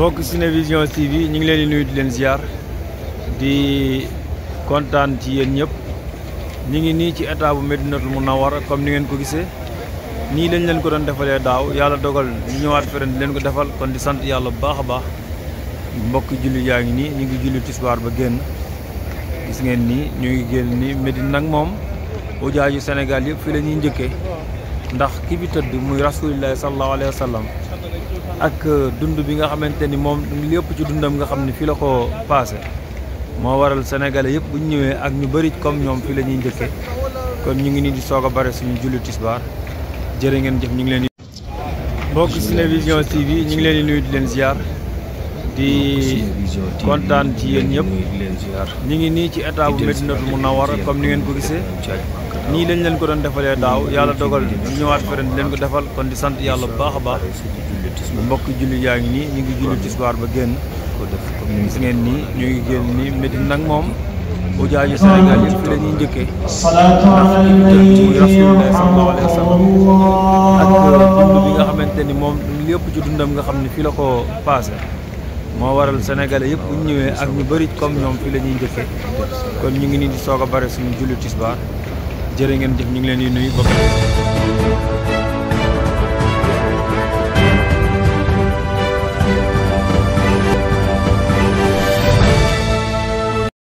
mbokk vision TV ñu ngi leen di nuyu di leen ziar di kontaan ci yéen ñëpp ñu ngi nii ci état bu Medinatul Munawwara comme ni ngeen ko gisee nii lañ leen ko doon defalee daaw yàlla dogal ñu ñëwaat feren di leen ko defal kon di sant yàlla bu baax a baax mbokk julli yaa ngi nii ñu ngi julli tisbaar ba génn gis ngeen nii ñu ngi génn ni medine nag moom ujaaju Sénégal yëpp fii la ñuy njëkkee ndax ki bi tëdd muy rasulillahi sallallahu alayhi wa sallam ak dund bi nga xamante ni moom lépp ci dundam nga xamni fi la ko passé mo waral sénégalais yëpp bu ñëwé ak ñu bari comme ñom fi la ñuy kon ñu ngi ni di soga a suñu jullu tisbar jëre ngeen jëf ñu ngi leen di ci télévision TV ñu ngi leen di nuyu di leen ziar di contane ci yeen ñëpp ñu ngi ni ci état bu Medinatul comme ni ngeen ko ni lañ leen ko doon defalee daaw yàlla dogal ñëwaat feren di leen ko defal kon di sant yàlla bu baax a baax mbokk julli yaa ngi nii ñu ngi julli tisbaar ba génn gis ngeen nii ñu ngi génn nii Médine nag moom ujaaji Sénégal yëpp la ñuy njëkkee ndax ci sallallahu alayhi wa sallam ni moom lépp ci dundam nga xam ne waral sénégalais yëpp bu ñëwee ak ñu bëri comme ñoom fii la ñuy njëkkee kon ñu ngi nii di soog a bare suñu julli jërë ngeen jëf ñu ngi leen di nuyu bokk